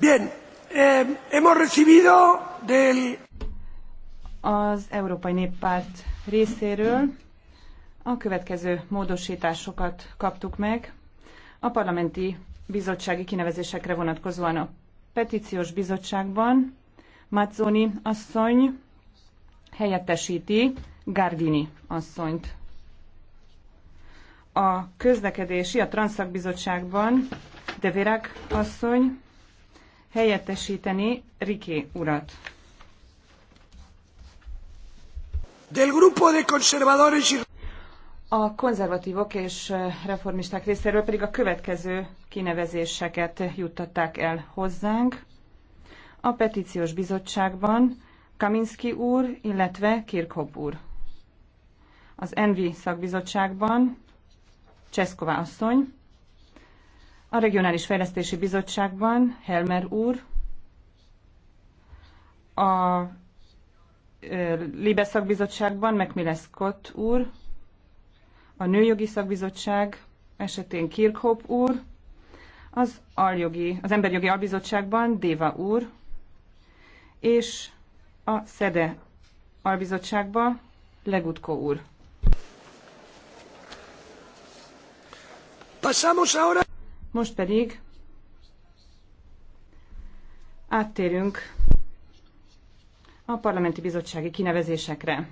Eh, Az Európai Néppárt részéről a következő módosításokat kaptuk meg. A parlamenti bizottsági kinevezésekre vonatkozóan a petíciós bizottságban Mazzoni asszony helyettesíti Gardini asszonyt. A közlekedési, a Transzakbizottságban Devirak asszony helyettesíteni Riki urat. Del grupo de conservadores y... A konzervatívok és reformisták részéről pedig a következő kinevezéseket juttatták el hozzánk. A petíciós bizottságban Kaminski úr, illetve Kirkhop úr. Az Envi szakbizottságban Cseszkova asszony, a Regionális Fejlesztési Bizottságban Helmer úr, a Libe Szakbizottságban Macmillan Scott úr, a Nőjogi Szakbizottság esetén Kirkhope úr, az, aljogi, az Emberjogi Albizottságban Déva úr, és a SZEDE Albizottságban Legutko úr. Pasamos ahora. Most pedig áttérünk a parlamenti bizottsági kinevezésekre.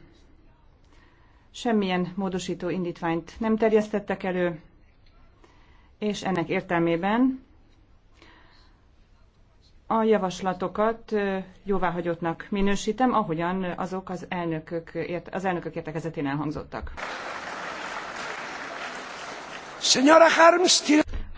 Semmilyen módosító indítványt nem terjesztettek elő, és ennek értelmében a javaslatokat jóváhagyottnak minősítem, ahogyan azok az elnökök, ért, az elnökök értekezetén elhangzottak. Senyora Harms,